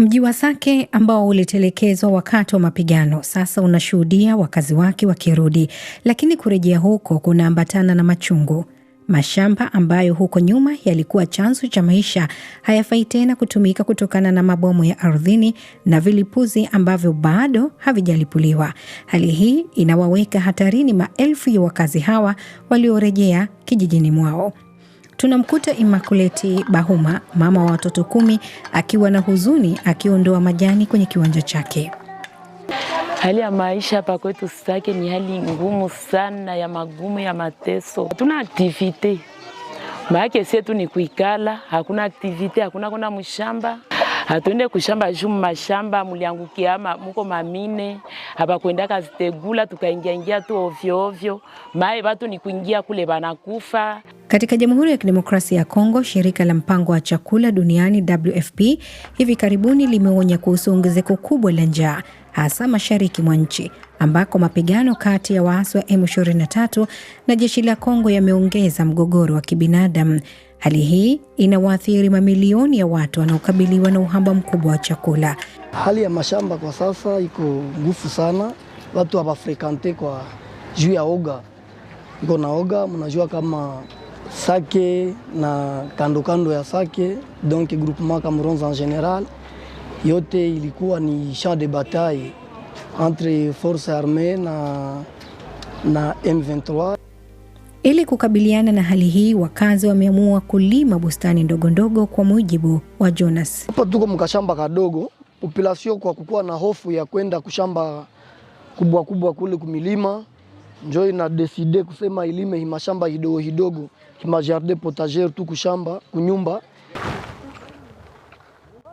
Mji wa Sake ambao ulitelekezwa wakati wa mapigano sasa unashuhudia wakazi wake wakirudi, lakini kurejea huko kunaambatana na machungu. Mashamba ambayo huko nyuma yalikuwa chanzo cha maisha hayafai tena kutumika kutokana na mabomu ya ardhini na vilipuzi ambavyo bado havijalipuliwa. Hali hii inawaweka hatarini maelfu ya wakazi hawa waliorejea kijijini mwao tunamkuta imakuleti Bahuma, mama wa watoto kumi, akiwa na huzuni, akiondoa majani kwenye kiwanja chake. Hali ya maisha hapa kwetu Sake ni hali ngumu sana, ya magumu ya mateso. Hatuna aktivite maake sietu ni kuikala, hakuna aktivite, hakuna kuna mshamba hatuende kushamba juu mashamba muliangukia muko mamine hapa kwenda kazitegula tukaingiaingia tu ovyoovyo, mae watu ni kuingia kule banakufa. Katika Jamhuri ya Kidemokrasia ya Kongo, shirika la mpango wa chakula duniani WFP hivi karibuni limeonya kuhusu ongezeko kubwa la njaa hasa mashariki mwa nchi ambako mapigano kati ya waasi wa M23 na jeshi la Kongo yameongeza mgogoro wa kibinadamu. Hali hii inawaathiri mamilioni ya watu wanaokabiliwa na uhaba mkubwa wa chakula. Hali ya mashamba kwa sasa iko ngufu sana, watu hawafrekante kwa juu ya oga, iko na oga, mnajua kama Sake na kando kando ya Sake, donc groupement Cameroons en general yote ilikuwa ni champ de bataille entre force armee na, na M23. Ili kukabiliana na hali hii, wakazi wameamua kulima bustani ndogo ndogo. Kwa mujibu wa Jonas, hapa tuko mkashamba kadogo upilasio, kwa kukuwa na hofu ya kwenda kushamba kubwa kubwa kule kumilima njo ina deside kusema ilime himashamba hidogo hidogo himajardin potager tu kushamba kunyumba.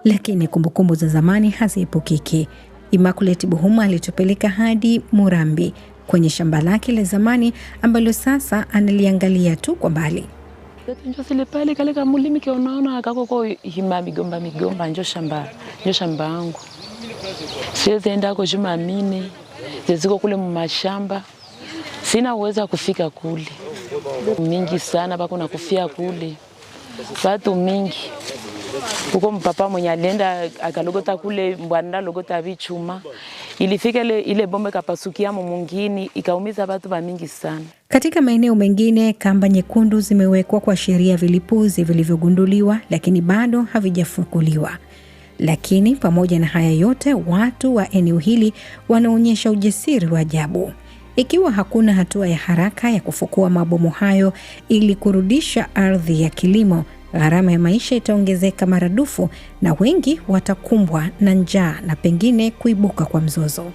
Lakini kumbukumbu za zamani haziepukiki. Immaculate Buhuma alitupeleka hadi Murambi kwenye shamba lake la zamani ambalo sasa analiangalia tu kwa mbali. Njo sile pale kale kwa hima migomba migomba, njo shamba njo shamba yangu siwezi enda ako juma mine zeziko kule mumashamba Sina uwezo wa kufika kule mingi sana bako kufia kule watu mingi huko. Mpapa mwenye alienda akalogota kule mbwanda logota vichuma, ilifika ile, ile bomba ikapasukia mumungini ikaumiza watu wa mingi sana. Katika maeneo mengine kamba nyekundu zimewekwa kwa sheria vilipuzi vilivyogunduliwa lakini bado havijafukuliwa. Lakini pamoja na haya yote, watu wa eneo hili wanaonyesha ujasiri wa ajabu. Ikiwa hakuna hatua ya haraka ya kufukua mabomu hayo ili kurudisha ardhi ya kilimo, gharama ya maisha itaongezeka maradufu na wengi watakumbwa na njaa na pengine kuibuka kwa mzozo.